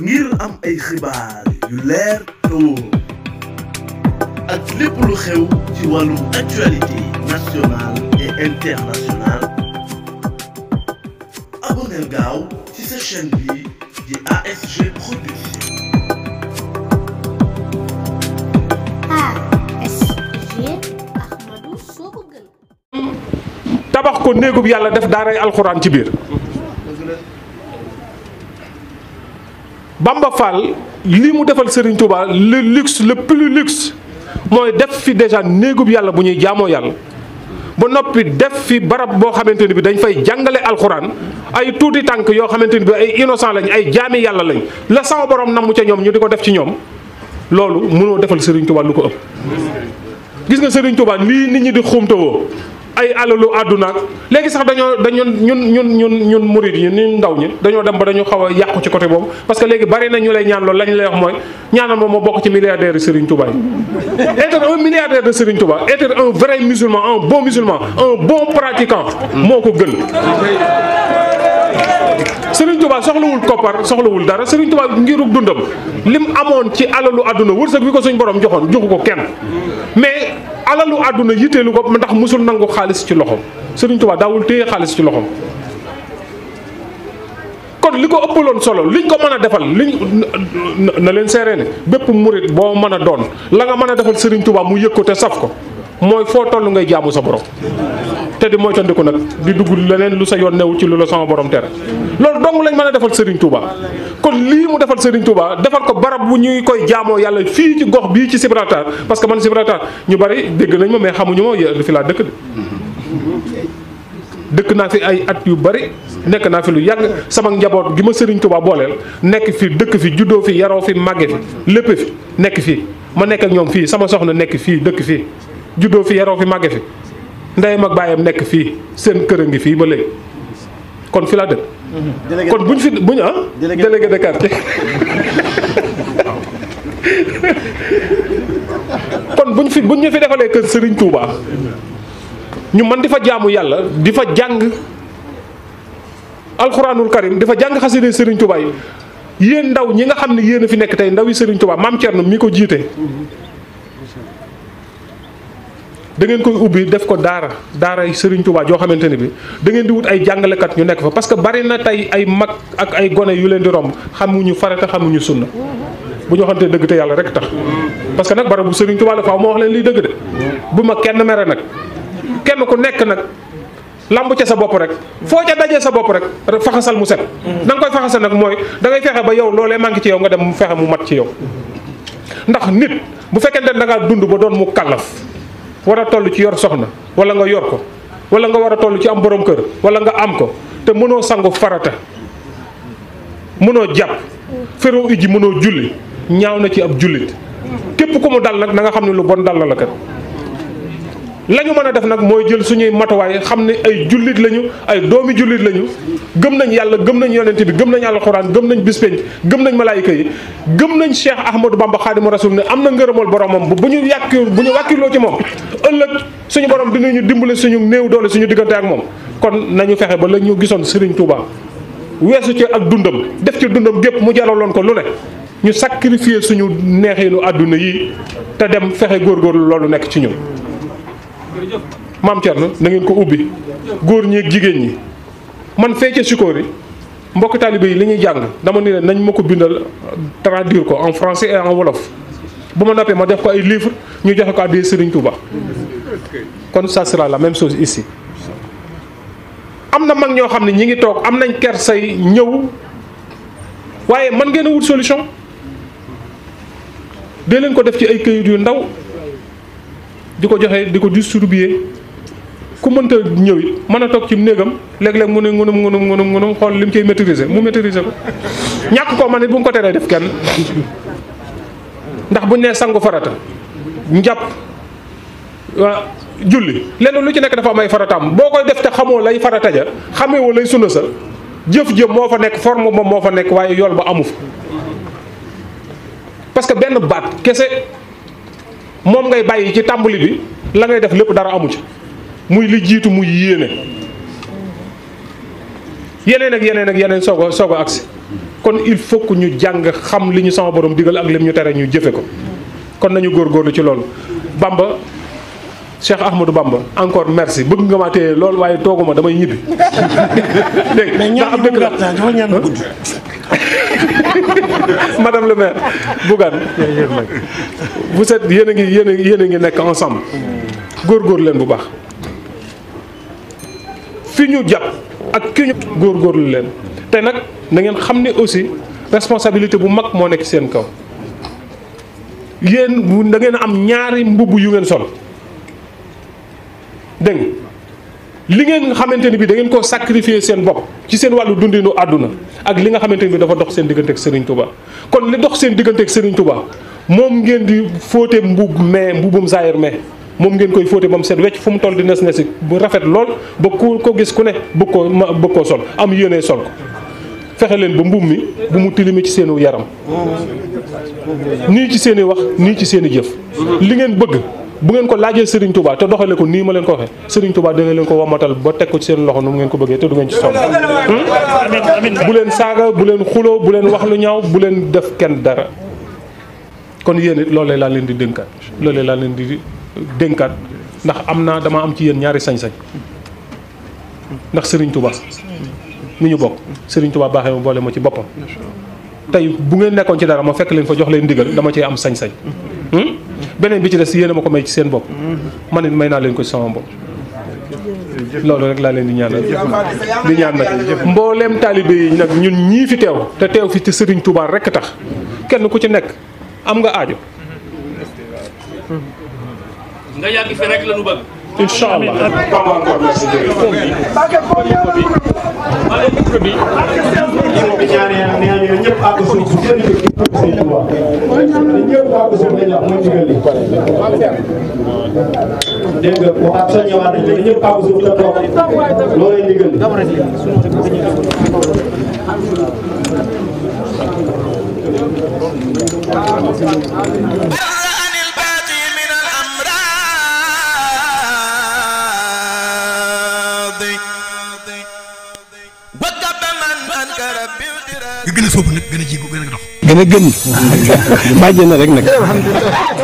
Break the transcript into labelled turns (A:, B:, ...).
A: ngir am ay xibaar yu leer te ak lépp lu xew ci wàllum actualité nationale internationale aboneel gaaw ci sa bi di ASG Production tabax ko néegub yàlla def daaray alxuraan ci biir Bamba Fall li mu defal Serigne Touba le luxe le plus luxe moy def fi déjà néegub yalla bu ñuy jamo yalla bu nopi def fi barab bo xamanteni bi dañ fay jàngale alxuraan ay touti tank yo xamanteni bi ay innocent lañ ay jami yalla lañ la saw borom namm ci ñom ñu diko def ci ñom lolu mëno defal Serigne Touba lu ko ëpp. gis nga Serigne Touba lii nit ñi di xumtawoo ay Alolo aduna léegi sax dañu dañu ñun ñun ñun ñun mouride ndaw ñi dem ba dañu parce que bari na ñu lay ñaan lañ lay wax moy ñaanal ci milliardaire Serigne Touba un milliardaire de Serigne Touba être un vrai musulman un bon musulman un bon pratiquant moko Serigne Touba soxlawul copar soxlawul dara Serigne Touba ngiruk dundam lim amone ci ils aduna, suñ borom kenn mais. alalu àdduna yitteelu ko ndax musul nangu xaalis ci loxoom Sëriñ Tuubaa daawul téye xaalis ci loxoom kon li ko ëppaloon solo liñ ko mën a defal liñ na leen seeree ne bépp murit boo mën a doon la nga mën a defal Sëriñ Tuubaa mu yëg ko te saf ko mooy foo toll ngay jaamu sa borom te di moytandiku nag di dugg leneen lu sa yoon newul ci lu la sama borom tere loolu dong lañ mën a defal Serigne Touba kon lii mu defal Serigne Touba defal ko barab bu ñuy koy jaamoo yàlla fii ci gox bii ci Gibraltar parce que man Gibraltar ñu bari dégg nañ ma mais xamuñu ma yéen fi laa dëkk dëkk naa fi ay at yu bari nekk naa fi lu yàgg sama njaboot gi ma Serigne Touba booleel nekk fi dëkk fi juddoo fi yaroo fi màgge fi lépp nekk fii ma nekk ñoom fii sama soxna nekk fii dëkk fii. juddoo fi yaroo fi màgge fi ndeyam ak bàyyam nekk fii seen kër a ngi fii ba léegi kon fi laa dëkk. kon buñ fi buñ ah. délégué de kon buñ fi ñu defalee kër sëriñ Touba ñu man di fa jaamu yàlla di fa jàng alxuraanul karim di fa jàng xasida Serigne Touba yi yéen ndaw ñi nga xam ne yéen fi nekk tey ndaw yi Serigne Touba maam Thierno mi ko jiite. da ngeen koy ubbi def ko daara daara Serigne Touba jo xamanteni bi da ngeen di wut ay kat ñu nek fa parce que bari na tay ay mag ak ay gone yu leen di rom xamuñu farata xamuñu sunna bu ñu xanté deug te yalla rek tax parce que bara bu Serigne Touba la fa mo wax leen li deug de bu ma kenn mere nak kenn ku nek nak lamb ci sa bop rek fo ca dajé sa bop rek faxasal mu set nang koy faxasal nak moy da ngay fexé ba yow lolé mangi ci yow nga dem fexé mu mat ci yow ndax nit bu da nga dund ba doon mu kalaf war a toll ci yor soxna wala nga yor ko wala nga war a tollu ci am borom kër wala nga am ko te mënoo sangu farata mënoo jàpp feroo iji mënoo julli ñaaw na ci ab jullit képp ku mu dal nag na nga xam ne lu bon dal la la kat la mën a def nag mooy jël suñuy matuwaay xam ne ay jullit lañu ay doomi jullit lañu gëm nañ yàlla gëm nañ yonent bi gëm nañ alxuraan gëm nañ bispeñ gëm nañ malaayika yi gëm nañ Cheikh Ahmadou Bamba Xaadimu Rasul ne am na ngërëmal boromam bu ñu yàkk bu ñu wàkkiloo ci moom ëllëg suñu borom dinañu dimbale suñu néew doole suñu diggante ak moom kon nañu fexe ba la ñu gisoon Serigne Touba weesu ci ak dundam def ci dundam gépp mu jaraloon ko lu ne ñu sacrifier suñu neexinu àdduna yi te dem fexe góorgóorlu loolu nekk ci ñun. maam Thierno na ngeen ko ubbi góor ñi jigéen ñi man fee ca Sikori mbokk taalibe yi li ñuy jàng dama ni nañ ma ko bindal traduire ko en français et wolof bu ma noppee ma def ko ay livre ñu joxe ko àddee kon ça sera la même chose ici Amna na mag ñoo xam ne ñi ngi toog am nañ ker say ñëw waaye man ngeen a wut solution dee leen ko def ci ay këyit yu ndaw Diko ko joxe di ko distribuer ku mënta ñëw it mën a toog ci néegam léeg-léeg mu ne ngunum ngunum ngunum ngunum xool li mu koy mu maîtriser ko ñàkk ko ma ne bu mu ko teree def kenn ndax buñ nee sangu farata njàpp waaw julli lenn lu ci nekk dafa am ay farataam boo koy def te xamoo lay farata ja xamewoo lay sunna sa jëf jëf moo fa nekk form moom moo fa nekk waaye yool ba amu fa parce que benn baat kese moom ngay bàyyi ci tàmbali bi la ngay def lépp dara amu ci muy li jiitu muy yéene yeneen ak yeneen ak yeneen soog a soog a agsi kon il faut que ñu jàng xam li ñu sama borom digal ak lim ñu tere ñu jëfe ko kon nañu góor góorlu ci loolu Bamba Cheikh ahmed Bamba encore merci bëgg nga ma té lool waaye toguma damay ñibi madame le maire bougan vous êtes yene ngi yene yene ngi nek ensemble gor len bu baax fi ñu jàpp ak ki ñu góorgóorlu len té nak na ngeen xamné aussi responsabilité bu mag mo nek seen kaw bu da ngeen am ñaari mbubb yu ngeen sol li ngeen nga xamante ni bi da ngeen koo sacrifier seen bopp ci seen wàllu dundinu àdduna ak li nga xamante ni bi dafa dox seen diggante ak Serigne Touba kon li dox seen diggante ak Serigne Touba moom ngeen di fóotee mbub mais mbubum zaayir mais moom ngeen koy fóote ba mu set wecc fu mu toll di nes nesi bu rafet lool ba ku ko gis ku ne bëgg koo bëgg sol am yéene sol ko fexe leen ba mbubb mi bu mu tilimi ci seenu yaram nii ci seen i wax nii ci seen i jëf li ngeen bëgg bu ngeen ko laajee Serigne Touba te doxalee ko nii ma leen ko waxee Serigne Touba dina leen ko wamatal ba teg ko ci seen loxo nu mu ngeen ko bëggee te du ngeen ci sonn. Hmm? bu leen saaga bu leen xuloo bu leen wax lu ñaaw bu leen def kenn dara. kon yéen it loolee laa leen di dénkaat loole laa leen di dénkaat ndax am naa dama am ci yéen ñaari sañ-sañ ndax Serigne Touba mi ñu bokk sëriñ Touba baaxee ma boole ma ci boppam. tey bu ngeen nekkoon ci dara ma fekk leen fa jox leen ndigal dama cee am sañ-sañ. Hmm? beneen bi ci des yéen a ma ko may ci seen bopp mm-hmm. man it may naa leen ko ci sama bopp loolu rek laa leen di ñaanal di ñaan nag mbooleem taalibe yi nag ñun ñii fi teew te teew fi ci sëriñ Touba rek tax kenn ku ci nekk am nga aajo nga yàgg fi rek la incha allah. dégg nga waxaat soo ñëwaat nañ ne ñëpp àggu suuf la toog loolay ndigal. Ah! nga gën a sóobu nag gën a jiiku gën a dox. gën a gën. na rek